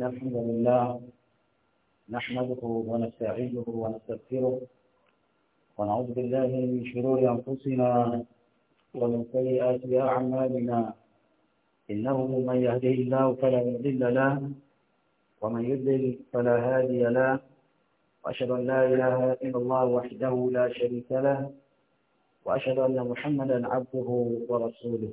الحمد لله نحمده ونستعينه ونستغفره ونعوذ بالله من شرور أنفسنا ومن سيئات أعمالنا إنه من يهده الله فلا مضل له ومن يضل فلا هادي له وأشهد أن لا إله إلا الله وحده لا شريك له وأشهد أن محمدا عبده ورسوله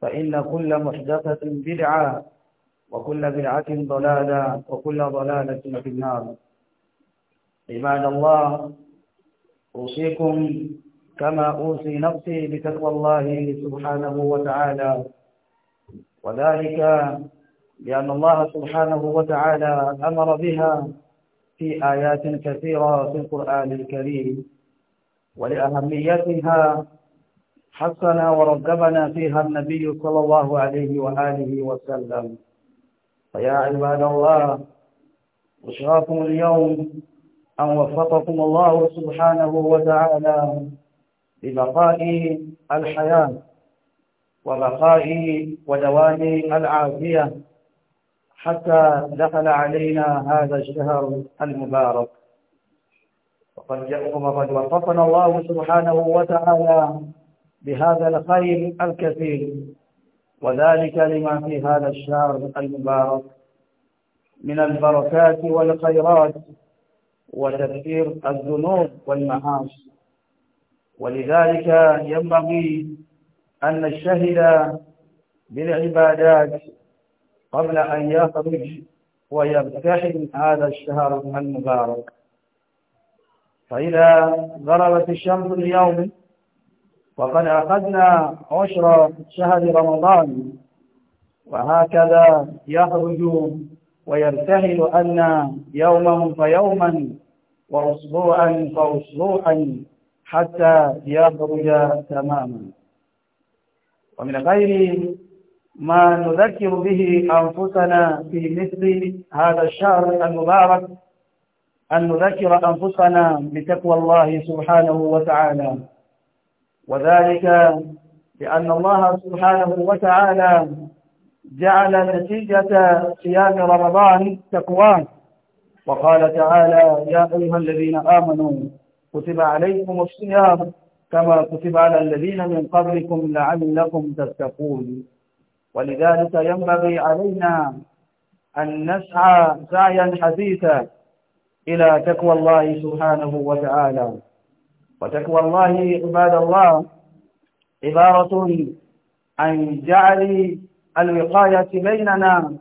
فإن كل محدثة بدعة وكل بدعة ضلالة وكل ضلالة في النار عباد الله أوصيكم كما أوصي نفسي بتقوى الله سبحانه وتعالى وذلك لأن الله سبحانه وتعالى أمر بها في آيات كثيرة في القرآن الكريم ولأهميتها حسنا ورغبنا فيها النبي صلى الله عليه وآله وسلم فيا عباد الله بشراكم اليوم أن وفقكم الله سبحانه وتعالى لبقاء الحياة وبقاء ودوام العافية حتى دخل علينا هذا الشهر المبارك وقد وقد وفقنا الله سبحانه وتعالى بهذا الخير الكثير وذلك لما في هذا الشهر المبارك من البركات والخيرات وتذكير الذنوب والمعاصي ولذلك ينبغي أن نجتهد بالعبادات قبل أن يخرج ويرتحل هذا الشهر المبارك فإذا غربت الشمس اليوم وقد أخذنا عشر شهر رمضان وهكذا يخرج ويرتهل أن يوما فيوما وأسبوعا فأسبوعا حتى يخرج تماما ومن غير ما نذكر به أنفسنا في مثل هذا الشهر المبارك أن نذكر أنفسنا بتقوى الله سبحانه وتعالى وذلك لأن الله سبحانه وتعالى جعل نتيجة صيام رمضان تقواه وقال تعالى يا أيها الذين آمنوا كتب عليكم الصيام كما كتب على الذين من قبلكم لعلكم تتقون ولذلك ينبغي علينا أن نسعى سعيا حثيثا إلى تقوى الله سبحانه وتعالى وتقوى الله عباد الله عبارة عن جعل الوقاية بيننا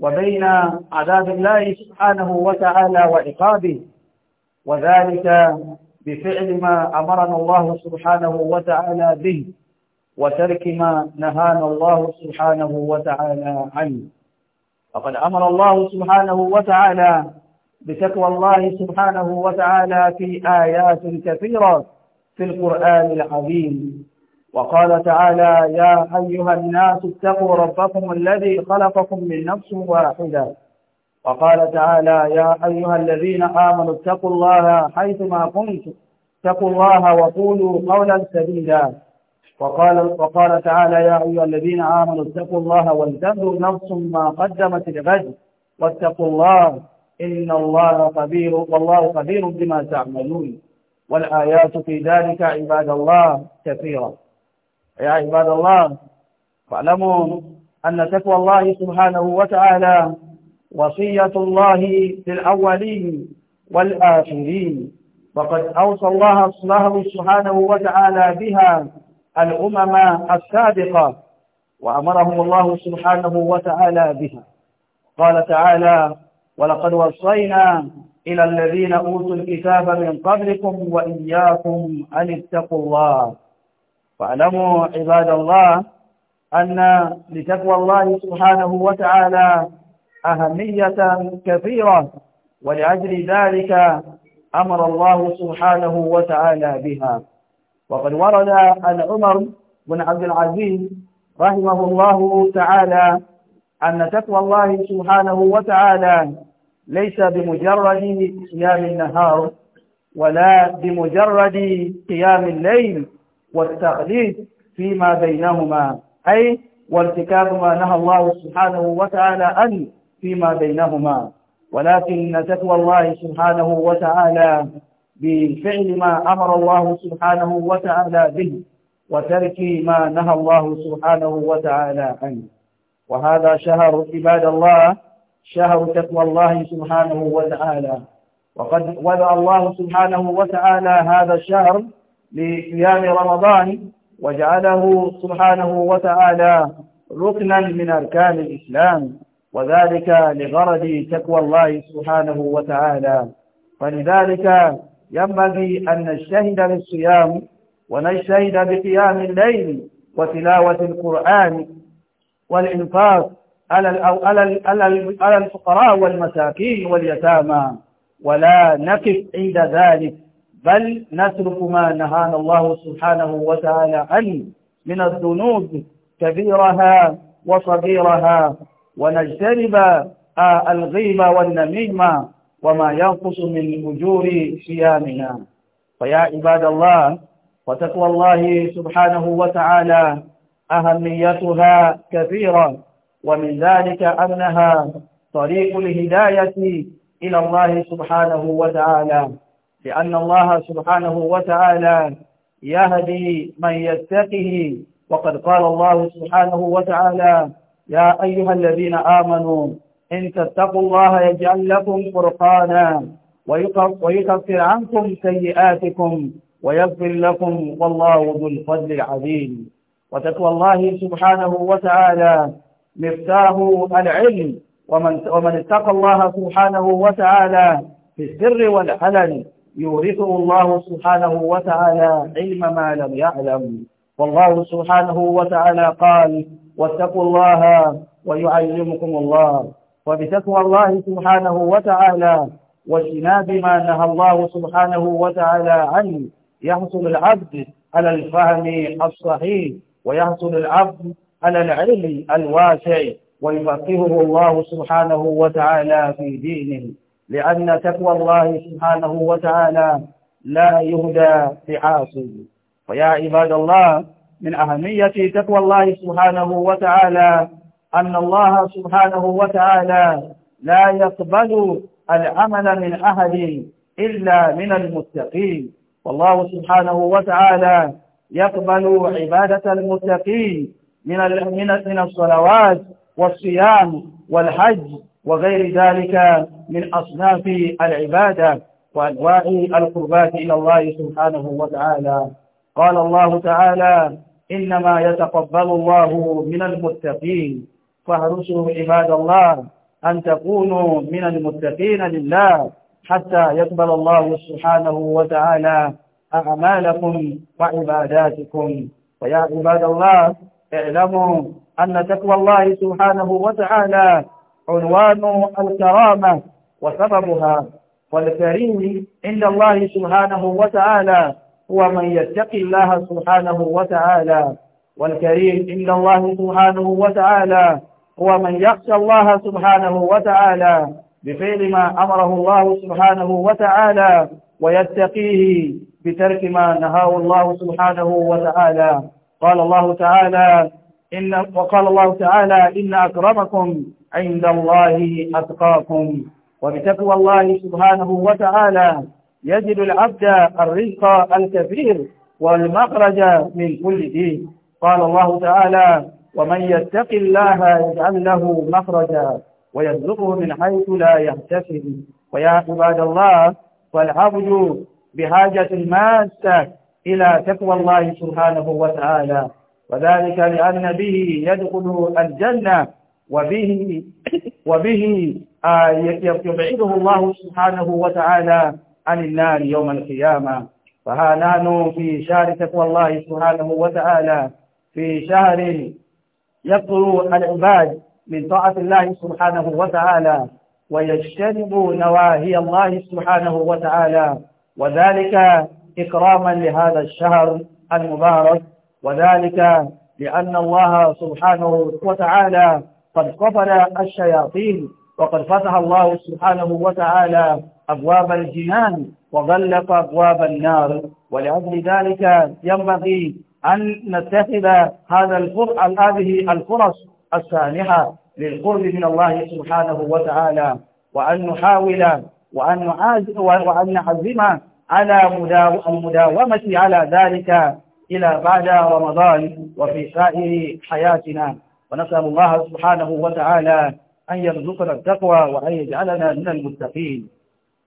وبين عذاب الله سبحانه وتعالى وعقابه وذلك بفعل ما أمرنا الله سبحانه وتعالى به وترك ما نهانا الله سبحانه وتعالى عنه فقد أمر الله سبحانه وتعالى بتقوى الله سبحانه وتعالى في آيات كثيرة في القرآن العظيم وقال تعالى يا أيها الناس اتقوا ربكم الذي خلقكم من نفس واحدة وقال تعالى يا أيها الذين آمنوا اتقوا الله حيثما كنتم اتقوا الله وقولوا قولا سديدا وقال وقال تعالى يا أيها الذين آمنوا اتقوا الله ولتنظر نفس ما قدمت لغد واتقوا الله إن الله خبير والله خبير بما تعملون والآيات في ذلك عباد الله كثيرة يا عباد الله فاعلموا أن تقوى الله سبحانه وتعالى وصية الله في الأولين والآخرين وقد أوصى الله سبحانه وتعالى بها الأمم السابقة وأمرهم الله سبحانه وتعالى بها قال تعالى ولقد وصينا إلى الذين أوتوا الكتاب من قبلكم وإياكم أن اتقوا الله فاعلموا عباد الله أن لتقوى الله سبحانه وتعالى أهمية كثيرة ولأجل ذلك أمر الله سبحانه وتعالى بها وقد ورد عن عمر بن عبد العزيز رحمه الله تعالى أن تقوى الله سبحانه وتعالى ليس بمجرد صيام النهار ولا بمجرد قيام الليل والتقليد فيما بينهما أي وارتكاب ما نهى الله سبحانه وتعالى أن فيما بينهما ولكن تقوى الله سبحانه وتعالى بفعل ما أمر الله سبحانه وتعالى به وترك ما نهى الله سبحانه وتعالى عنه وهذا شهر عباد الله شهر تقوى الله سبحانه وتعالى وقد وضع الله سبحانه وتعالى هذا الشهر لقيام رمضان وجعله سبحانه وتعالى ركنا من أركان الإسلام وذلك لغرض تقوى الله سبحانه وتعالى فلذلك ينبغي أن نجتهد بالصيام ونجتهد بقيام الليل وتلاوة القرآن والإنفاق على على, على, الفقراء والمساكين واليتامى ولا نقف عند ذلك بل نترك ما نهانا الله سبحانه وتعالى عنه من الذنوب كبيرها وصغيرها ونجتنب آه، الغيبة والنميمة وما ينقص من أجور صيامنا فيا عباد الله وتقوى الله سبحانه وتعالى أهميتها كثيرا ومن ذلك أنها طريق الهداية إلى الله سبحانه وتعالى لأن الله سبحانه وتعالى يهدي من يتقه وقد قال الله سبحانه وتعالى يا أيها الذين آمنوا إن تتقوا الله يجعل لكم فرقانا ويكفر عنكم سيئاتكم ويغفر لكم والله ذو الفضل العظيم وتقوى الله سبحانه وتعالى مفتاح العلم ومن ومن اتقى الله سبحانه وتعالى في السر والعلن يورثه الله سبحانه وتعالى علم ما لم يعلم والله سبحانه وتعالى قال واتقوا الله ويعلمكم الله وبتقوى الله سبحانه وتعالى واجتناب ما نهى الله سبحانه وتعالى عنه يحصل العبد على الفهم الصحيح ويحصل العبد على العلم الواسع ويفقهه الله سبحانه وتعالى في دينه لأن تقوى الله سبحانه وتعالى لا يهدى بعاصي فيا عباد الله من أهمية تقوى الله سبحانه وتعالى أن الله سبحانه وتعالى لا يقبل العمل من أحد إلا من المتقين والله سبحانه وتعالى يقبل عبادة المتقين من من الصلوات والصيام والحج وغير ذلك من أصناف العبادة وأنواع القربات إلى الله سبحانه وتعالى قال الله تعالى إنما يتقبل الله من المتقين فاهرسوا عباد الله أن تكونوا من المتقين لله حتى يقبل الله سبحانه وتعالى أعمالكم وعباداتكم ويا عباد الله اعلموا أن تقوى الله سبحانه وتعالى عنوان الكرامة وسببها والكريم عند الله سبحانه وتعالى هو من يتقي الله سبحانه وتعالى والكريم عند الله سبحانه وتعالى هو من يخشى الله سبحانه وتعالى بفعل ما أمره الله سبحانه وتعالى ويتقيه بترك ما نهاه الله سبحانه وتعالى قال الله تعالى إن وقال الله تعالى إن أكرمكم عند الله أتقاكم وبتقوى الله سبحانه وتعالى يجد العبد الرزق الكثير والمخرج من كل دين قال الله تعالى ومن يتق الله يجعل له مخرجا ويرزقه من حيث لا يحتسب ويا عباد الله فالعبد بحاجة ماسة إلى تقوى الله سبحانه وتعالى وذلك لأن به يدخل الجنة وبه وبه آه، يبعده الله سبحانه وتعالى عن النار يوم القيامة فها نحن في شهر تقوى الله سبحانه وتعالى في شهر يقر العباد من طاعة الله سبحانه وتعالى ويجتنب نواهي الله سبحانه وتعالى وذلك إكراما لهذا الشهر المبارك وذلك لأن الله سبحانه وتعالى قد قفل الشياطين وقد فتح الله سبحانه وتعالى أبواب الجنان وغلق أبواب النار ولأجل ذلك ينبغي أن نتخذ هذا الفر... هذه الفرص السانحة للقرب من الله سبحانه وتعالى وأن نحاول وأن وأن نعزمها على المداومة على ذلك إلى بعد رمضان وفي سائر حياتنا ونسأل الله سبحانه وتعالى أن يرزقنا التقوى وأن يجعلنا من المتقين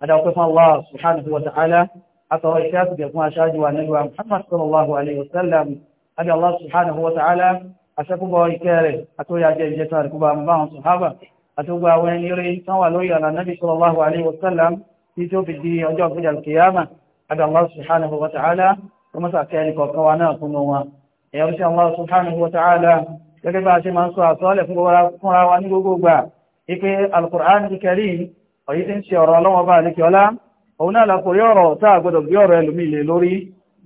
هذا وقف الله سبحانه وتعالى أتويكات بيقوم أشهد ونجوى محمد صلى الله عليه وسلم أن الله سبحانه وتعالى أشكو بويكاره أتويا جيجتار كبار مباهم صحابة àtúgbà àwọn ẹni rí tán wà lórí ọ̀nà nábì sallallahu alaihi wasallam tí tó fi di ọjọ́ ìgbéjà kìyàmà àbí Allah subhanahu wa ta'ala tó mọ́sà kẹ́ni kọ̀ọ̀kan wa náà kúnnú wọn ẹ̀yọ́ sí Allah subhanahu wa ta'ala gẹ́gẹ́ bá a ṣe máa ń sọ àsọ́ọ́lẹ̀ fúnra wa ní gbogbo gbà ipe al-Qur'an al-Karim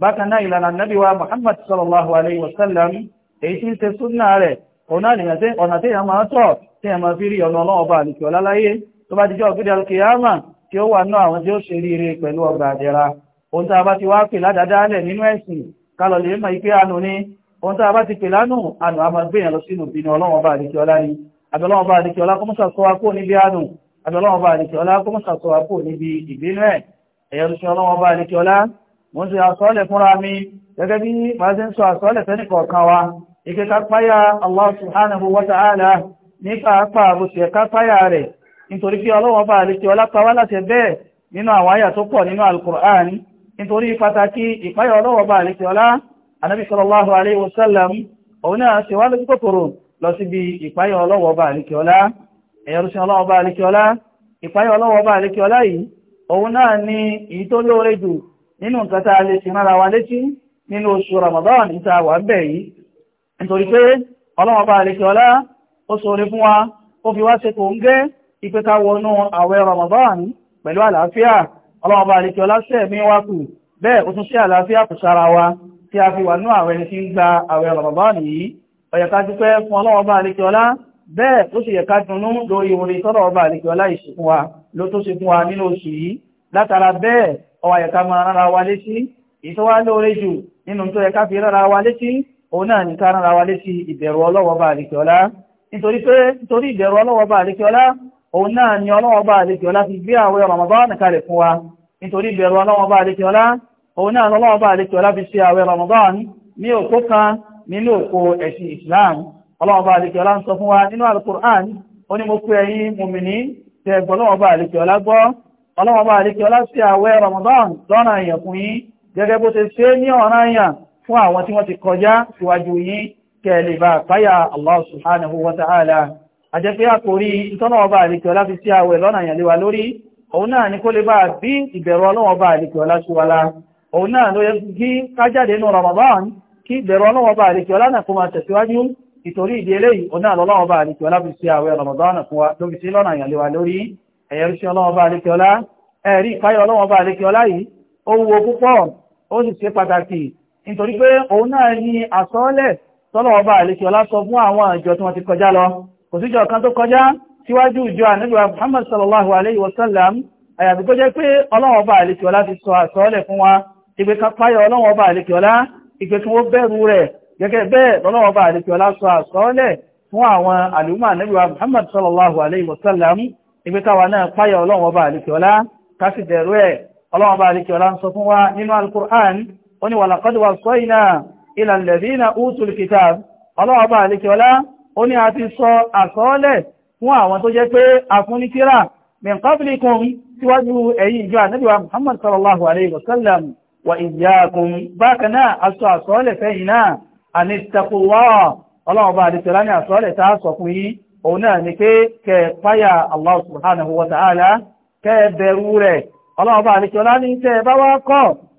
bákan náà ìlànà nábì wa sallallahu alaihi wasallam èyí tí ń ṣe súnnà rẹ̀ ọ̀nà nìyàn tí ọ̀nà tí èèyàn máa tọ̀ tí èèyàn máa fi rí ọ̀nà ọlọ́wọ́ bá àlùkò láláyé tó bá dijọ́ ògbédè alkiyama tí ó wà ní àwọn tí ó ṣe ríire pẹ̀lú ọgbà àjẹra ohun tá a bá ti wá pè ládàádáálẹ̀ nínú ẹ̀sìn kálọ̀ lè mọ̀ ipé àánú ni ohun tá a bá ti pè lánù àánú a máa gbéyàn lọ sínú ìbínú ọlọ́wọ́ bá àlùkò ọlá ni àbẹ̀lọ́wọ́ bá àlùkò ọlá kọ́mọ́sà sọ wá kó mi gẹ́gẹ́ bí màá ṣe ń sọ wa ìkẹta páyà Allah subhanahu wa ta'ala nípa apá àbòsẹ̀ ká páyà rẹ̀ nítorí kí ọlọ́wọ́ bá lè ṣe ọlápàá láti bẹ́ẹ̀ nínú àwọn àyà tó pọ̀ nínú al-Qur'an nítorí pàtàkì ìpáyà ọlọ́wọ́ bá lè ṣe ọlá nínú oṣù Ramadan ìta wà bẹ́ẹ̀ yìí nítorí pé ọlọ́wọ́ bá lè kíọ́lá ó sọ̀rọ̀ fún wa ó fi wá ṣe kò ń gẹ́ ìpẹ́ka wọnú àwẹ̀ Ramadan pẹ̀lú àlàáfíà ọlọ́wọ́ bá lè kíọ́lá wá kù bẹ́ẹ̀ ó tún sí àlàáfíà kù sára wa tí a fi wà ní àwẹ̀ ní fi ń gba àwẹ̀ Ramadan yìí ó yẹ ká dúpẹ́ fún ọlọ́wọ́ bá lè kíọ́lá bẹ́ẹ̀ ó sì yẹ ká dunnú lórí orin tọ́lọ̀ ọba àlèkọ́lá ìsìnkú wa ló tó ṣe fún wa nínú oṣù yìí látara bẹ́ẹ̀ ó wá máa rárá wa létí ìtọ́wá jù nínú tó yẹ ká fi rárá wa létí òun náà ní káàrán ra wa lé sí ìbẹ̀rù ọlọ́wọ́ bá àríkẹ́ọlá nítorí pé nítorí ìbẹ̀rù ọlọ́wọ́ àríkẹ́ọlá òun náà ni ọlọ́wọ́ bá àríkẹ́ọlá fi gbé àwẹ̀ Ramadan kalẹ̀ fún wa nítorí ìbẹ̀rù ọlọ́wọ́ bá àríkẹ́ọlá òun náà lọ́wọ́ bá àríkẹ́ọlá fi ṣe àwẹ̀ Ramadan ní òkó kan nínú Islam ọlọ́wọ́ bá àríkẹ́ọlá ń sọ fún quran ó ní mo pé ẹ̀yin mùmìnì tẹ gbọ́lọ́wọ́ bá àríkẹ́ọlá gbọ́ ọlọ́wọ́ bá Ramadan lọ́nà èèyàn fún yín gẹ́gẹ́ bó ṣe ṣe ní ọ̀ràn fún àwọn tí wọ́n ti kọjá síwájú yìí kẹ́lẹ̀ bá páyà Allah subhanahu wa ta'ala àjẹ́fẹ́ àkórí ìtọ́nà ọba àríkẹ́ ọlá fi sí àwẹ̀ lọ́nà ìyànlẹ́wà lórí òun náà ni kó lè bá bí ìbẹ̀rù ọlọ́wọ́ bá àríkẹ́ ọlá ṣúwala òun náà ló yẹ kí kájáde inú Ramadan kí ìbẹ̀rù ọlọ́wọ́ bá àríkẹ́ ọlá náà kó máa tẹ̀síwájú ìtorí ìdí eléyìí òun náà lọ́wọ́ bá àríkẹ́ ọlá fi sí àwẹ̀ Ramadan fún wa ló sí lọ́nà ìyànlẹ́wà lórí ẹ̀yẹ́rú sí ọlọ́wọ́ bá àríkẹ́ ọlá ẹ̀rí ìpáyọ̀ ọlọ́wọ́ bá àríkẹ́ ọlá yìí ó wúwo púpọ̀ ó sì ṣe pàtàkì nítorí pé òun náà ní àsọ́ọ́lẹ̀ tọ́lọ̀ ọba àlekì ọlá sọ fún àwọn ìjọ tí wọ́n ti kọjá lọ kò síjọ kan tó kọjá síwájú ìjọ ànábìwá Muhammad sallallahu alayhi wa sallam àyàfi tó jẹ́ pé ọlọ́wọ́ ọba àlekì ọlá ti sọ àsọ́ọ́lẹ̀ fún wa ìgbé kápáyọ̀ ọlọ́wọ́ ọba àlekì ọlá ìgbé tí wọ́n bẹ̀rù rẹ̀ gẹ́gẹ́ bẹ́ẹ̀ lọ́lọ́wọ́ ọba àlekì ọlá sọ àsọ́ọ́lẹ̀ ó ní walaqad waṣṣaynā ilā alladhīna ūtul kitāb ọlọ́ọ̀bá àlekẹ́ọlá ó ní a ti sọ àsọọ́lẹ̀ fún àwọn tó jẹ́ pé afúnitírà min qablikum síwájú ẹ̀yin ìjọ ànábì wa muhammad sallallahu alayhi wa sallam wa iyyākum bákan náà aṣọ àsọọ́lẹ̀ fẹ́yìn náà anittaqullah ọlọ́ọ̀bá àlekẹ́ọlá ní àsọọ́lẹ̀ tá a sọ fún yín òun náà ni pé kẹ́ páyà Allah subhanahu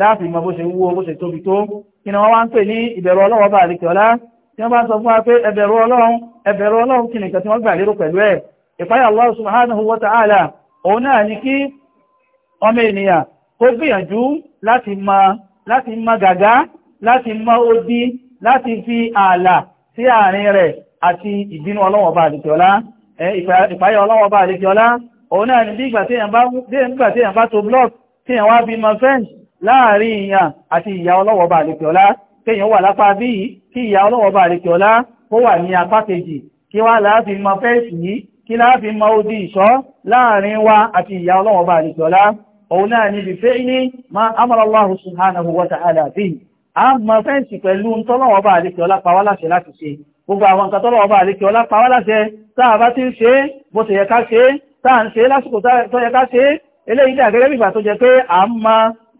láti mọ bó ṣe wúwo bó ṣe tóbi tó kí ni wọ́n wá ń pè ní ìbẹ̀rù ọlọ́wọ́ bá àríkẹ́ ọlá tí wọ́n bá sọ fún wa pé ẹbẹ̀rù ọlọ́run ẹbẹ̀rù ọlọ́run kí nìkan tí wọ́n gbà lérò pẹ̀lú ẹ̀ ìpáyà Allah subhanahu wa ta'ala òun náà ni kí ọmọ ènìyàn kó gbìyànjú láti mọ láti mọ gàgá láti mọ odi láti fi ààlà sí àárín rẹ̀ àti ìbínú ọlọ́wọ́ bá àríkẹ́ ọlá ìpáyà ọlọ́wọ́ bá àríkẹ́ ọlá òun náà ni bí ìgbà tí èèyàn bá tó blọọkì tí èèyàn wá bí mọ fẹ́ǹsì láàrin ìyàn àti ìyà ọlọ́wọ́ bá àlèkè ọlá kéèyàn wà lápá bí i kí ìyà ọlọ́wọ́ bá àlèkè ọlá kó wà ní apá kejì kí wá láàfin mọ fẹ́ẹ̀sì yìí kí láàfin mọ odi ìṣọ́ láàrin wa àti ìyà ọlọ́wọ́ bá àlèkè ọlá òun náà ni bìfẹ́ ní ma amọ́lọ́láhù subhanahu wa ta'ala bí a mọ fẹ́ǹsì pẹ̀lú tọ́lọ́wọ́ bá àlèkè ọlá pa wá láṣẹ láti ṣe gbogbo àwọn nǹkan tọ́lọ́wọ́ bí ìgbà tó jẹ pé à ń máa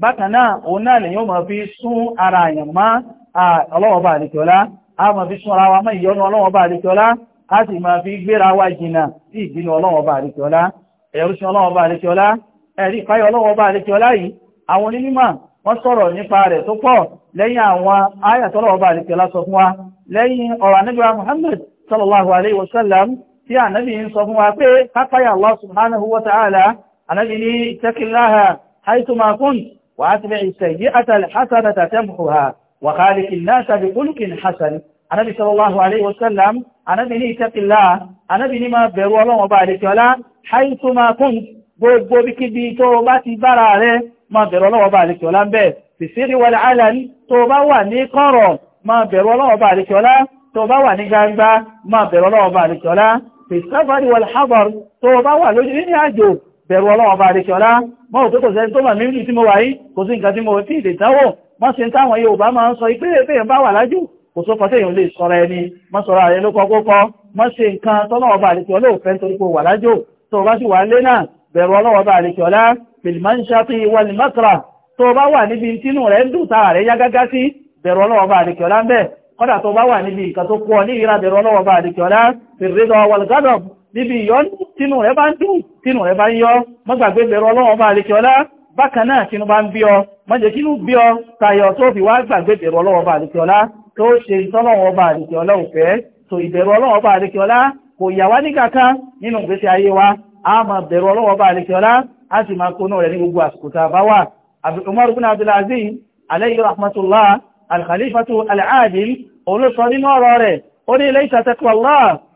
bákan náà òun náà lèyàn máa fi sún ara àyàn mọ́ ọlọ́wọ́ba àdìkọ́lá a máa fi sún ara wa mọ́ ìyọnu ọlọ́wọ́ba àdìkọ́lá a sì máa fi gbéra wa jìnà sí ìbínú ọlọ́wọ́ba àdìkọ́lá ẹ̀rùsùn ọlọ́wọ́ba àdìkọ́lá ẹ̀rí ìpáyọ̀ ọlọ́wọ́ba àdìkọ́lá yìí àwọn onímọ̀ wọ́n sọ̀rọ̀ nípa rẹ̀ tó pọ̀ lẹ́yìn àwọn ayàtọ́lọ́wọ́ba àdìkọ́lá sọ fún wa lẹ́yìn ọ̀rọ̀ anábíwá Muhammad sallallahu alaihi wasallam tí ànábì ń sọ fún wa وأتبع السيئة الحسنة تمحها وخالق الناس بخلق حسن Ànábì sallallahu alayhi wa sallam Ànábì ní ìtẹ́kìlá Ànábì ní máa bẹ̀rù Ọlọ́run Ọba àlekíọlá haythu ma kunt gbogbo bíkíbi tó bá ti bára rẹ máa bẹ̀rù Ọlọ́run Ọba àlekíọlá ń bẹ̀ fi sirri wal alani tó bá wà ní kọ̀rọ̀ máa bẹ̀rù Ọlọ́run Ọba àlekíọlá tó bá wà ní gbangba máa bẹ̀rù Ọlọ́run Ọba àlekíọlá fi safari wal hadar tó bá wà lójú ní àjò bẹ̀rù ọlọ́wọ́ bá àríkẹ́ ọlá mọ́ òpé kò sẹ́ni tó mà mí tí mo wà yí kò sí nǹkan tí mo tí ìdè dánwò má ṣe táwọn Yorùbá máa ń sọ ipé èèyàn bá wà lájú kò sókọ tí èèyàn lè sọ̀rọ̀ ẹni má sọ̀rọ̀ ààrẹ ló kọ kókọ má ṣe nǹkan tọ́lọ́wọ́ bá àríkẹ́ ọlá òfẹ́ nítorí pé wà lájú tó bá sì wà lé náà bẹ̀rù ọlọ́wọ́ bá àríkẹ́ ọlá bilmanshati wal makra tó bá wà níbi tínú rẹ̀ ń dùn táà rẹ̀ yá gágá sí bẹ̀rù ọlọ́wọ́ bá àríkẹ́ ọlá ń bẹ̀ kọ́dà tó bá wà níbi nǹkan tó kú ọ ní ìra bẹ̀rù ọlọ́wọ́ bá àríkẹ́ ọlá fèrè lọ níbi ìyọ́nú tínú rẹ̀ bá ń dùn tínú rẹ̀ bá yọ́ mọ́gbàgbé bẹ̀rọ ọlọ́wọ́ bá lè kí ọlá bákan náà tínú bá ń bí ọ mọ́jẹ̀ kí ló bí ọ tayọ tó fi wá gbàgbé bẹ̀rọ ọlọ́wọ́ bá lè kí ọlá tó ṣe ìtọ́lọ́wọ́ bá lè kí ọlá òfẹ́ tó ìbẹ̀rọ ọlọ́wọ́ bá lè kí ọlá kò yà wá níkàkà nínú ìgbésí ayé wa a máa bẹ̀rọ ọlọ́wọ́ bá lè kí ọlá a sì máa kóná rẹ̀ ní gbogbo àsìkò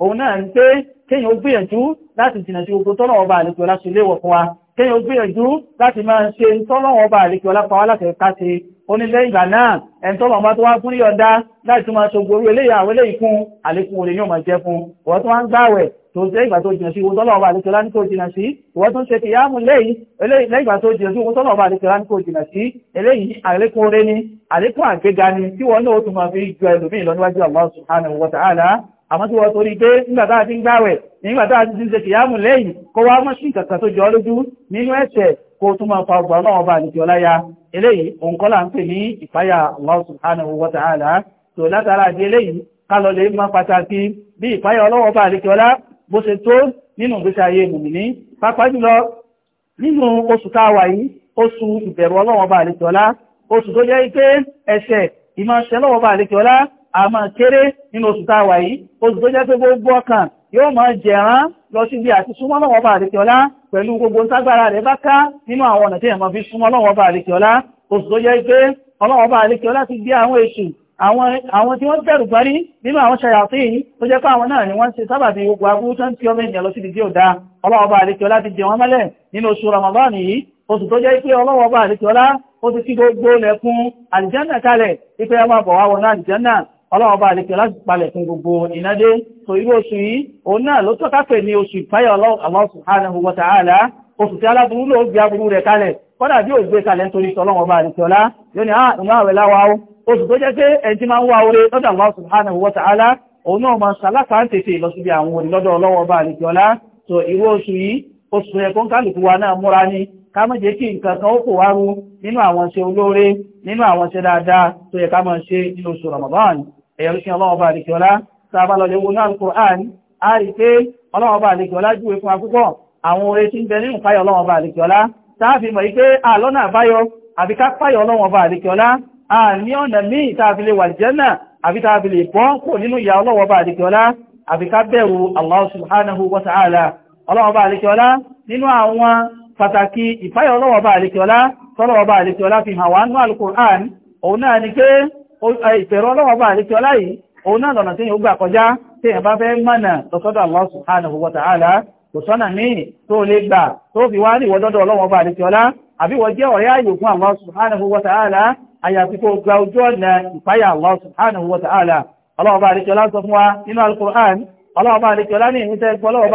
òun náà ń pé kéyàn ó gbìyànjú láti jìnà sí ogun tọ́lọ̀ ọba àlejò ọlá ṣe léwọ̀ fún wa kéyàn ó gbìyànjú láti máa ṣe tọ́lọ̀ ọba àlejò ọlá pa wá láti ẹ̀ka ṣe onílẹ̀ ìgbà náà ẹni tọ́lọ̀ ọba tó wá fún yọ̀ǹda láti tún máa ṣogbo orú eléyà àwọn eléyìí fún àlékún orin yóò máa jẹ fún ọ̀rọ̀ tó wá ń gbàwẹ̀ tó jẹ́ ìgbà tó jìnà sí ogun tọ́lọ̀ ọba àlejò ọlá ní kò jìnà sí ìwọ́n tó ń ṣe kìyàmù lẹ́yìn lẹ́gbà tó jìnà sí ogun tọ́lọ̀ ọba àlejò ọlá ní kò jìnà sí eléyìí àlékún ni àlékún Allah subhanahu wa ta'ala àmọ́ tí wọ́n torí pé nígbàtá àti ń gbáwẹ̀ nígbàtá àti ti ń ṣe kìyàmù lẹ́yìn kó wá mọ́ sí ìkàkà tó jọ lójú nínú ẹ̀ṣẹ̀ kó tún máa fa ọgbà bá àti ọláyá eléyìí òǹkọ́là ń pè ní ìpáyà Allah subhanahu wa ta'ala tó látara àti eléyìí kálọ̀ lè máa pàtàkì bí ìpáyà ọlọ́wọ́ bá àti ọlá bó ṣe tó nínú ìgbésí ayé mùmìnì pápá jùlọ nínú oṣù táwà yìí oṣù ìbẹ̀rù ọlọ́wọ́ bá a máa kéré nínú oṣù táwà yìí oṣù tó jẹ́ pé gbogbo ọkàn yóò máa jẹ̀rán lọ sí ibi àti súnmọ́ lọ́wọ́ bá àríkẹ́ ọlá pẹ̀lú gbogbo tágbára rẹ̀ bá ká nínú àwọn ọ̀nà tí ẹ̀mọ́ fi súnmọ́ lọ́wọ́ bá àríkẹ́ ọlá oṣù tó jẹ́ pé ọlọ́wọ́ bá àríkẹ́ ọlá ti gbé àwọn èṣù àwọn tí wọ́n bẹ̀rù gbárí nínú àwọn ṣayàtí yìí tó jẹ́ pé àwọn náà ni wọ́n ṣe sábàbí ogun agbó tó ń tí ọmọ ènìyàn lọ sí ìdí ọ̀dá ọlọ́wọ́bá àríkẹ́ ọlá ti jẹ wọ́n mẹ́lẹ̀ nínú oṣù Ramadan yìí oṣù tó jẹ́ pé ọlọ́wọ́bá àríkẹ́ ọlá ó ti kí gbogbo lẹ́kún àlìjánà kalẹ̀ ipẹ́ ọmọ àbọ̀wá wọná àlìjánà ọlọ́run bá àlekè láti palẹ̀ fún gbogbo ìnádé tó irú oṣù yìí òun náà ló tọ́ka pè ní oṣù ìpáyà Allah subhanahu wa ta'ala oṣù tí aláburú ló gbé aburú rẹ̀ kalẹ̀ kọ́dà bí òṣù gbé kalẹ̀ nítorí ọlọ́run bá àlekè ọlá yóò ní àwọn ah, àwẹ̀ o oṣù tó jẹ́ pé ẹni tí máa ń subhanahu wa ta'ala òun náà máa ṣàlàkà ń tètè lọ síbi àwọn òní lọ́dọ̀ ọlọ́run bá àlekè ọlá tó irú oṣù yìí oṣù yẹ kó ká má jẹ́ kí nǹkan kan ó kò wá rú nínú àwọn ṣe olóore nínú àwọn ṣe dáadáa tó yẹ ká máa ṣe nínú oṣù Ramadan ẹ̀yọ́ sí ọlọ́wọ́ bá àdìkì ọlá sábà lọ́lẹ̀ wọnú Al-Qur'an a rí pé ọlọ́wọ́ bá júwe fún akúkọ̀ àwọn oore tí ń bẹ nínú fáyọ̀ ọlọ́wọ́ bá àdìkì ọlá sáàfin mọ̀ pé àlọ́nà àbáyọ àbí ká fáyọ̀ ọlọ́wọ́ bá àdìkì ní ọ̀nà míì tá a fi lè wà jẹ́nà àbí tá a fi lè bọ́ kò nínú ìyà ọlọ́wọ́ bá àbí ká bẹ̀rù Allah subhanahu wa ta'ala ọlọ́wọ́ bá nínú àwọn pàtàkì ìpáyà ọlọ́wọ̀bá àlekíọlá tọ́lọ̀wọ̀bá àlekíọlá fi hàn wá ní alukur'an òun náà ni pé ìfẹ̀rọ ọlọ́wọ̀bá àlekíọlá yìí òun náà lọ́nà tí yóò gbà kọjá tí yẹn bá fẹ́ mọ̀nà lọ́sọ́dọ̀ Allah subhanahu wa ta'ala ní ìwọ́dọ́dọ̀ ọlọ́wọ̀bá àlekíọlá àbí wọ́n jẹ́ gbọ́ ọlọ́wọ̀bá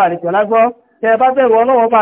àlekíọlá gbọ́ tẹ bá bẹ̀rù ọlọ́wọ̀bá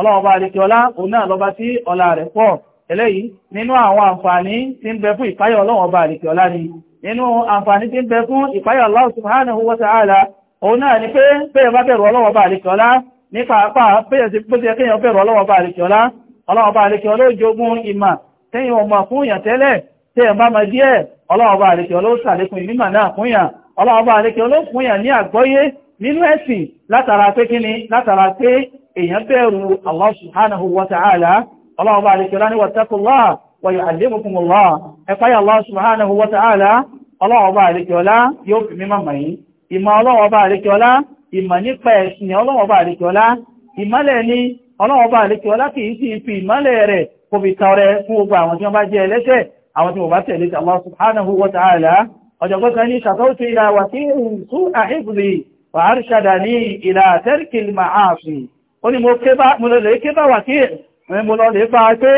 ọlọ́ọ̀bá àríkíọlá òun náà lọba tí ọlá rẹ̀ pọ̀ eléyìí nínú àwọn àǹfààní tí ń bẹ fún ìpáyọ̀ ọlọ́ọ̀bá àríkíọlá ni nínú àǹfààní tí ń bẹ fún ìpáyọ̀ Allah subhanahu wa ta'ala ni pé bẹ́ẹ̀ bá bẹ̀rù ọlọ́ọ̀bá àríkíọlá nípa apá bẹ́ẹ̀ sí pé kéèyàn bẹ̀rù ọlọ́ọ̀bá àríkíọlá ọlọ́ọ̀bá àríkíọlá ó jogún ìmà téèyàn ọmọ fún èèyàn tẹ́lẹ̀ téèyàn bá mọ díẹ̀ ọlọ́ọ̀bá àríkíọlá ó sàlékún ìmímà náà fún yàn ọlọ́ọ̀bá àríkíọlá ó fún yàn ní àgbọ́yé nínú ẹ̀sìn látara èèyàn bẹ̀rù Allah subhanahu wa ta'ala ọlọ́run bá àríkẹ́lá ní wattaqullah wa yu'allimukumullah ẹ̀páyà Allah subhanahu wa ta'ala ọlọ́run bá àríkẹ́lá yóò fi mímọ̀ mọ̀ yìí ìmọ̀ ọlọ́run bá àríkẹ́lá ìmọ̀ nípa ẹ̀sìn ọlọ́run bá àríkẹ́lá ìmọ́lẹ̀ ni ọlọ́run bá àríkẹ́lá kì í sì fi ìmọ́lẹ̀ rẹ̀ kò fi tọrẹ fún gbogbo àwọn tí wọ́n bá jẹ́ ẹlẹ́ṣẹ̀ àwọn tí wọ́n bá tẹ̀lé ní ṣàtọ́sí ìlà wà sí ìrùn tún àhìbìrì wà á rí ṣàdà ní ìlà tẹ́rìkìl ma'áfì ó ní mo lè ké bá wà kí ẹ̀ mo lọ lè bá pé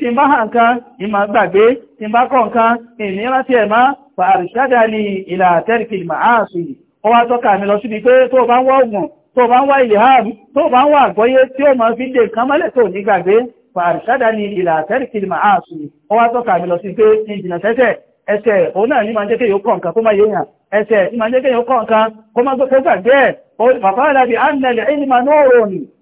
ti bá hàn kan ìmọ̀ gbàgbé ti bá kọ̀ nǹkan ìnira ti ẹ̀má fàríṣádà ní ìlà ó wá mi lọ síbi pé tó bá wá ogun tó bá tó bá wá àgbọ́yé tí ó máa fi dé mọ́lẹ̀ tó ní gbàgbé ní ìlà ó wá tọ́ka mi lọ pé ìjìnà ẹsẹ̀ náà ní máa nǹkan yéèyàn ẹsẹ̀ ní máa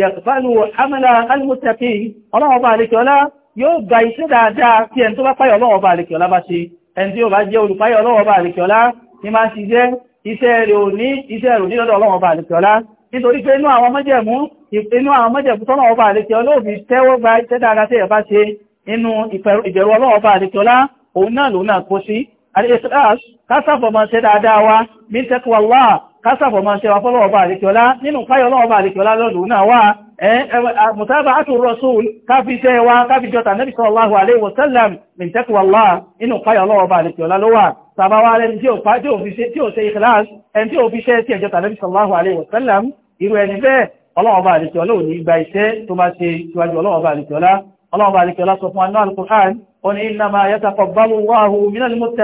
yẹ̀fánù àmìlà alìmùtẹ̀kì ọlọ́ọ̀bà àlekìọlá yóò gba iṣẹ́ dáadáa tí ẹni tó bá páyọ̀ ọlọ́ọ̀bà àlekìọlá bá ṣe ẹni tí ó bá jẹ́ olùpáyọ̀ ọlọ́ọ̀bà àlekìọlá ní máa ti jẹ́ iṣẹ́ rẹ̀ ò ní iṣẹ́ rò ní lọ́dọ̀ ọlọ́ọ̀bà àlekìọlá nítorí pé inú àwọn mọ́jẹ̀mú inú àwọn mọ́jẹ̀mú tọ́lọ́ọ̀bà àlekìọlá ò fi tẹ́wọ́ gba iṣẹ́ dáadáa tí ẹ̀ bá ṣe inú ìbẹ̀rù ọlọ́ọ̀bà àlekìọlá òun náà lòun náà kó sí àti ìṣẹ́ kásàfọ̀mọ̀ kásàfọ̀ máa ṣe wa fọ́lọ́ọ̀bá àríkíọlá nínú káyọ̀ ọlọ́ọ̀bá àríkíọlá lọ́dún náà wà mùtábà àtúrọ̀sùn káfíṣẹ́ wa káfíjọta nẹ́bí sallallahu alaihi wasallam min taqwallah nínú káyọ̀ ọlọ́ọ̀bá àríkíọlá ló wà tàbáwá rẹ̀ tí ó ṣe ikhlas ẹni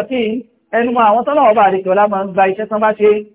tí ẹnu àwọn tọ́lọ́ọ̀bá àríkíọlá máa ń gba iṣẹ́ tán ṣe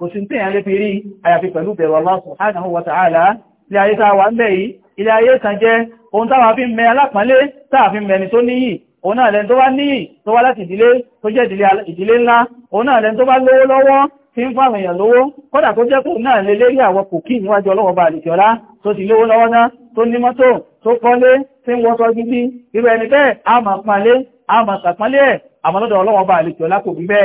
kò sí tí èèyàn lè fi rí àyàfi pẹ̀lú bẹ̀rù Allah subhanahu wa ta'ala ilé ayé tàà wà ń bẹ̀ yìí ilé ayé kan jẹ́ ohun táwà fi mẹ alápọ̀nlé táà fi mẹni tó níyì òun náà lẹ́ni tó wá níyì tó wá láti ìdílé tó jẹ́ ìdílé ńlá òun náà lẹ́ni tó bá lówó lọ́wọ́ tí ń fáwọn èèyàn a máa pàlé a máa sàpánlé ẹ̀ àmọ́ lọ́dọ̀ ọlọ́wọ́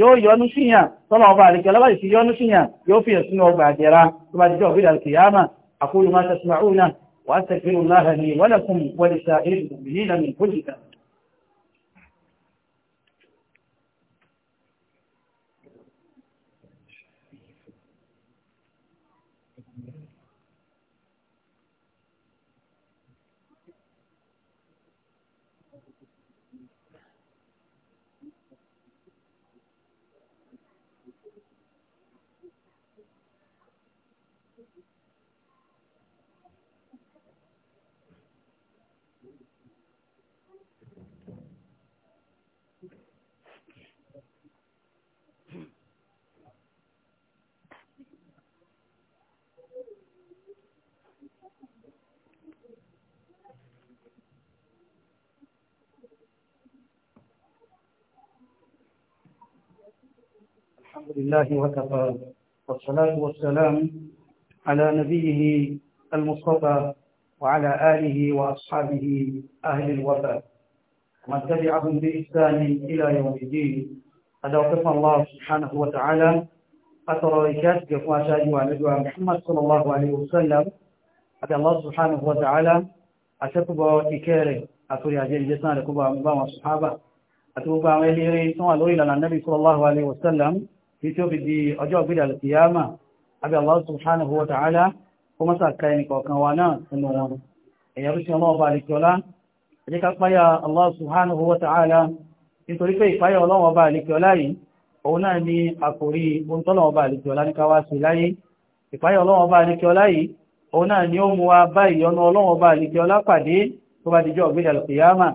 yóò yọnu síyàn tọ́lọ̀ ọba àríkẹ́ lọ́wọ́ ìfi yọnu síyàn yóò fi ẹ̀sùn ọgbà àjẹ́ra tó bá jíjọ òbílẹ̀ alkiyama aqulu ma tasma'una wa astaghfirullah li wa lakum wa lisa'iril mu'minina min kulli dhanb الحمد لله وكفى والصلاة والسلام على نبيه المصطفى وعلى آله وأصحابه أهل الوفاء ومن تبعهم بإحسان إلى يوم الدين هذا وقف الله سبحانه وتعالى أترى ركات كفوا شاهد وعندها محمد صلى الله عليه وسلم هذا الله سبحانه وتعالى أتكبر وإكاره àtòrí àjẹ́rì جسنا sáà rẹ̀ وصحابه bá وإليه sọ̀hábà àti النبي صلى الله عليه وسلم tí ó fi di ọjọ́ ọ̀gbẹ́dà al-qiyama àbí Allah subhanahu wa ta'ala kó mọ́sà ká ẹni kọ̀ọ̀kan wa náà nínú wọn ẹ̀yà rí sí ọlọ́ọ̀bà àlekíọ́lá ẹjẹ́ ká páyà Allah subhanahu wa ta'ala nítorí pé ìpáyà ọlọ́ọ̀bà àlekíọ́lá yìí òun náà ni àkòrí ohun tọ́lọ́ọ̀bà àlekíọ́lá ní káwá sí láyé ìpáyà ọlọ́ọ̀bà àlekíọ́lá yìí òun náà ni ó mú wa bá ìyọnu ọlọ́ọ̀bà àlekíọ́lá pàdé tó bá dijọ́ ọ̀gbẹ́dà al-qiyama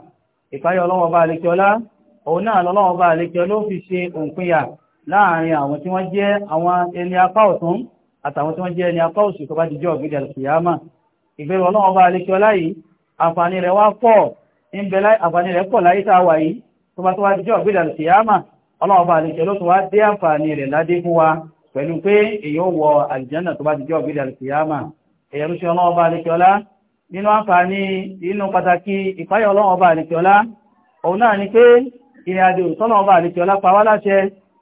ìpáyà ọlọ́ọ̀bà àlekíọ́lá òun náà lọ́lọ́ọ̀bà àlekíọ́lá ó fi ṣe òǹpinya láàrin àwọn tí wọ́n jẹ́ àwọn ẹni apá ọ̀tún àtàwọn tí wọ́n jẹ́ ẹni apá òsì tó bá dijọ́ ọ̀gbẹ́dẹ̀ àlùkìyàmà ìbẹ̀rù ọlọ́run ọba alẹ́kíọ́lá yìí àǹfààní rẹ̀ wá pọ̀ níbẹ̀ àǹfààní rẹ̀ pọ̀ láyé tá wà yìí tó bá tó bá dijọ́ ọ̀gbẹ́dẹ̀ wa pẹ̀lú pé èyí ó wọ àlìjánà tó bá dijọ́ ọ̀gbẹ́dẹ̀ àlùkìyàmà ẹ̀yẹ̀rú sí ọlọ́run ọba alẹ́kíọ́lá nínú àǹfààní nínú pàtàkì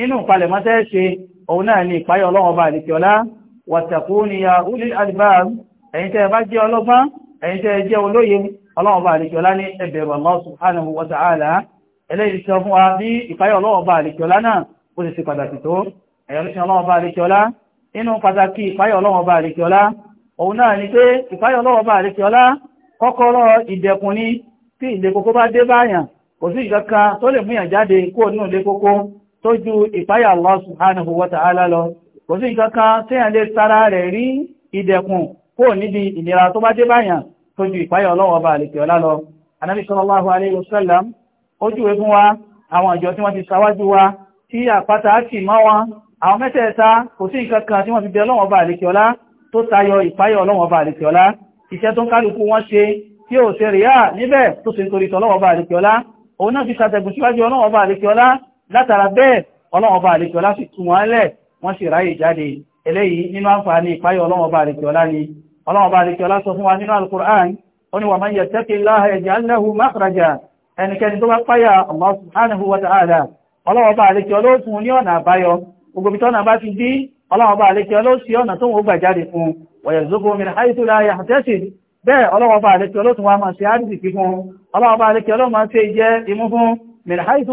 inú ìpalẹ̀mọ́ tẹ́ ṣe òun náà ni ìpáyọ̀ ọlọ́run bá àdìkíọ́lá wattaquni ya ulil albab ẹ̀yin tẹ́ bá jẹ́ ọlọ́gbọ́n ẹ̀yin tẹ́ jẹ́ olóye ọlọ́run bá àdìkíọ́lá ní ẹ bẹ̀rù Allah subhanahu wa ta'ala eléyìí sọ fún wa bí ìpáyọ̀ ọlọ́run bá àdìkíọ́lá náà ó ti ṣe pàtàkì tó ẹ̀yọ́lẹ́sìn ọlọ́run bá àdìkíọ́lá inú pàtàkì ìpáyọ̀ ọlọ́run bá àdìkíọ́lá òun náà ni pé ìpáyọ̀ ọlọ́run bá ni tí ìlé tó ju ìpáyà Allah subhanahu wa ta'ala lọ. Kò sí kankan tí a lè sára rẹ̀ rí ìdẹ̀kùn kó níbi ìnira tó bá dé báyàn tó ju ọlọ́wọ́ bá lè tẹ̀ọ́lá lọ. Anábi sallallahu alayhi wa sallam, ó júwe fún wa àwọn ìjọ tí wọ́n ti sáwájú wa tí àpáta ti mọ́ wọn. Àwọn mẹ́tẹ̀ẹ̀ta kò sí kankan tí wọ́n fi bẹ ọlọ́wọ́ bá lè tẹ̀ọ́lá tó tayọ ìpáyà ọlọ́wọ́ bá lè tẹ̀ọ́lá látara bẹ́ẹ̀ ọlọ́run ọba àlejò ọlá sì tún wọn lẹ̀ wọ́n sì ráyè jáde eléyìí nínú àǹfààní ìpáyọ̀ ọlọ́run ọba àlejò ọlá ni ọlọ́run ọba àlejò ọlá sọ fún wa nínú alukur'an ó ní wa man yattaqillaha yaj'al lahu makhraja ẹnikẹ́ni tó bá páyà Allah subhanahu wa ta'ala ọlọ́run ọba àlejò ọlá ó fún ní ọ̀nà àbáyọ gbogbo ibi tọ́nà bá ti dí ọlọ́run ọba àlejò ọlá ó sì ọ̀nà tó ń gbà jáde máa ṣe àdìsí fún ọlọ́run ọba àlejò ọlá máa ṣe ìjẹ́ imú fún min haythu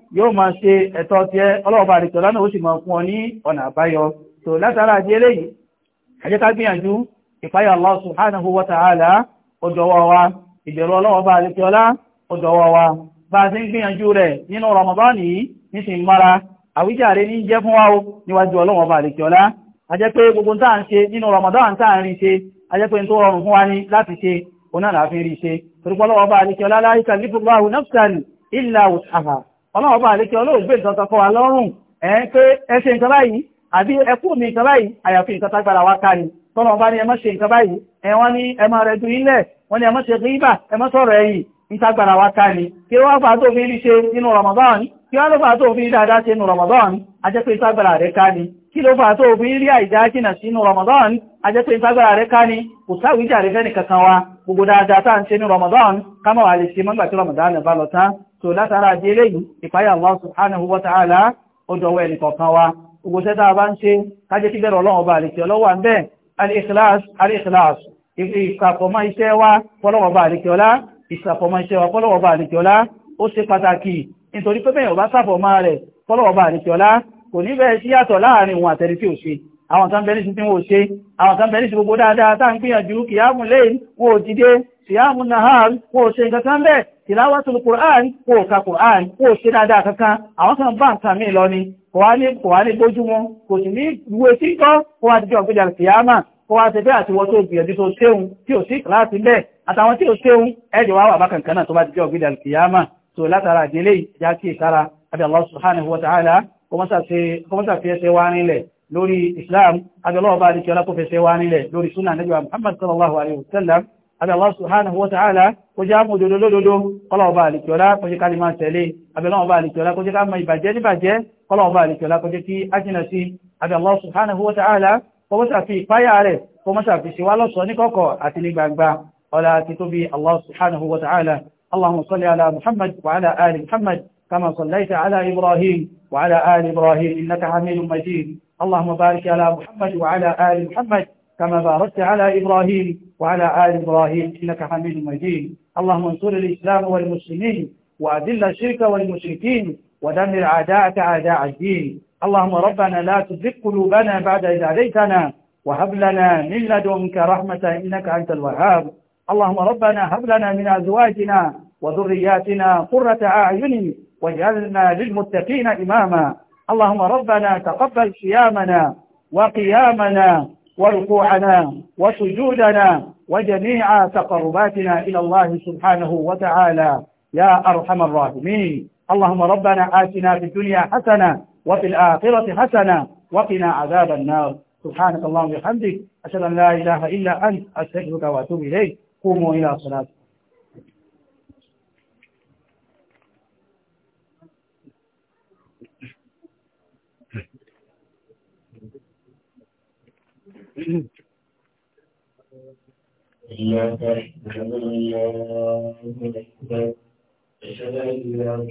yóò máa ṣe ẹ̀tọ́ ti ẹ́ ọlọ́ọ̀bá àríkọ̀ lánà ó sì máa fún ọ ní ọ̀nà àbáyọ tó látara àti eléyìí àjẹ́ká gbìyànjú ìpáyà Allah subhanahu wa ta'ala ọjọ́wọ́ wa ìbẹ̀rù ọlọ́ọ̀bá àríkọ̀ lá ọjọ́wọ́ wa bá a ti ń gbìyànjú rẹ̀ nínú Ramadan yìí nísìn mara àwíjàre ní jẹ́ fún wa ó níwájú ọlọ́ọ̀bá àríkọ̀ lá àjẹ́ pé gbogbo tá à ń ṣe ọlọ́ọ̀bá àlékẹ́ olóògbé nǹkan kan kọ́ wa lọ́rùn ẹ̀ pé ẹ ṣe nǹkan báyìí àbí ẹ kú mi nǹkan báyìí àyàfi nǹkan tágbára wa ká ni tọ́lọ̀ bá ní ẹ má ṣe nǹkan báyìí ẹ wọ́n ní ẹ má rẹ̀ dùn ilẹ̀ wọ́n ní ẹ má ṣe gíbà ẹ má sọ̀rọ̀ ẹ̀yìn ìtagbára wa ká ni kí wọ́n fà tó fi rí ṣe nínú Ramadan kí wọ́n ló fà tó fi rí dáadáa ṣe nínú Ramadan a jẹ́ pé ìtagbára rẹ̀ ká ni kí ló fà tó fi rí àìdájìnà sínú Ramadan a jẹ́ pé ìtagbára rẹ̀ ká ni kò sáwìjà rẹ̀ fẹ́ nìkankan wa gbogbo dáadáa tá à ń ṣe ní Ramadan ká mọ̀ wà lè ṣe mọ́gbà tí Ramadan bá lọ tán so látara àti eléyìí ìpáyà Allah subhanahu wa ta'ala ó dọwọ́ ẹnì kọ̀ọ̀kan wa gbogbo iṣẹ́ tá a bá ń ṣe kájẹ́ kí bẹ̀rẹ̀ ọlọ́run ọba àlèkè ọlọ́wà ń bẹ́ẹ̀ al-ikhlas al-ikhlas ìkàfọ̀mọ́ iṣẹ́ wa fọlọ́wọ́ ọba àlèkè ọlá ìṣàfọ̀mọ́ iṣẹ́ wa fọlọ́wọ́ ọba àlèkè ọlá ó ṣe pàtàkì nítorí pé bẹ́ẹ̀ ọba ṣàfọ̀mọ́ rẹ̀ fọlọ́wọ́ ọba àlèkè ọlá àwọn kan bẹ́ẹ̀ sí tí wọ́n ṣe àwọn kan bẹ́ẹ̀ sí gbogbo dáadáa tá à ń gbìyànjú kìyàmù lẹ́yìn wọ́n ò dìde síyáàmù nahar kò ṣe nǹkan kan bẹ́ẹ̀ tìláwàtù kùrán kò ka kùrán kò ṣe dáadáa kankan àwọn kan bá nǹkan mí lọ ni kò wá ní kò wá ní bójúmọ́ kò sì ní ìwé síkọ́ kó wá ti jọ gbéjà síyáàmà kó wá ti bẹ́ àti wọ́n tó gbìyànjú tó ṣéun tí ò sí kíláàsì bẹ́ẹ̀ àtàwọn tí ò ṣéun ẹ̀jẹ̀ wá wà bá kankan náà tó bá ti jọ gbéjà síyáàmà tó látara ìdílé ìjà kí wa ta'ala kó mọ́sà fi Islam àbí Allah bá ní kí ọlá sunnah Nabi Muhammad sallallahu alayhi wa sallam abẹ́ Allah subhanahu wa ta'ala kó jẹ́ àmú òdòdó lódòdó kọ́lọ̀ọ̀bá àlìkíọ́lá kó jẹ́ ká lè máa tẹ̀lé abẹ́lọ́ọ̀bá àlìkíọ́lá kó jẹ́ ká mọ ìbàjẹ́ níbàjẹ́ kọ́lọ̀ọ̀bá àlìkíọ́lá kó jẹ́ kí ájìnà sí abẹ́ كما باركت على إبراهيم وعلى آل إبراهيم إنك حميد مجيد اللهم انصر الإسلام والمسلمين وأذل الشرك والمشركين ودمر أعداءك أعداء الدين اللهم ربنا لا تزغ قلوبنا بعد إذ هديتنا وهب لنا من لدنك رحمة إنك أنت الوهاب اللهم ربنا هب لنا من أزواجنا وذرياتنا قرة أعين واجعلنا للمتقين إماما اللهم ربنا تقبل صيامنا وقيامنا وركوعنا وسجودنا وجميع تقرباتنا إلى الله سبحانه وتعالى يا أرحم الراحمين اللهم ربنا آتنا في الدنيا حسنة وفي الآخرة حسنة وقنا عذاب النار سبحانك اللهم وبحمدك أشهد أن لا إله إلا أنت أستغفرك وأتوب إليك قوموا إلى صلاتكم إياك نعبد وإياك نستعين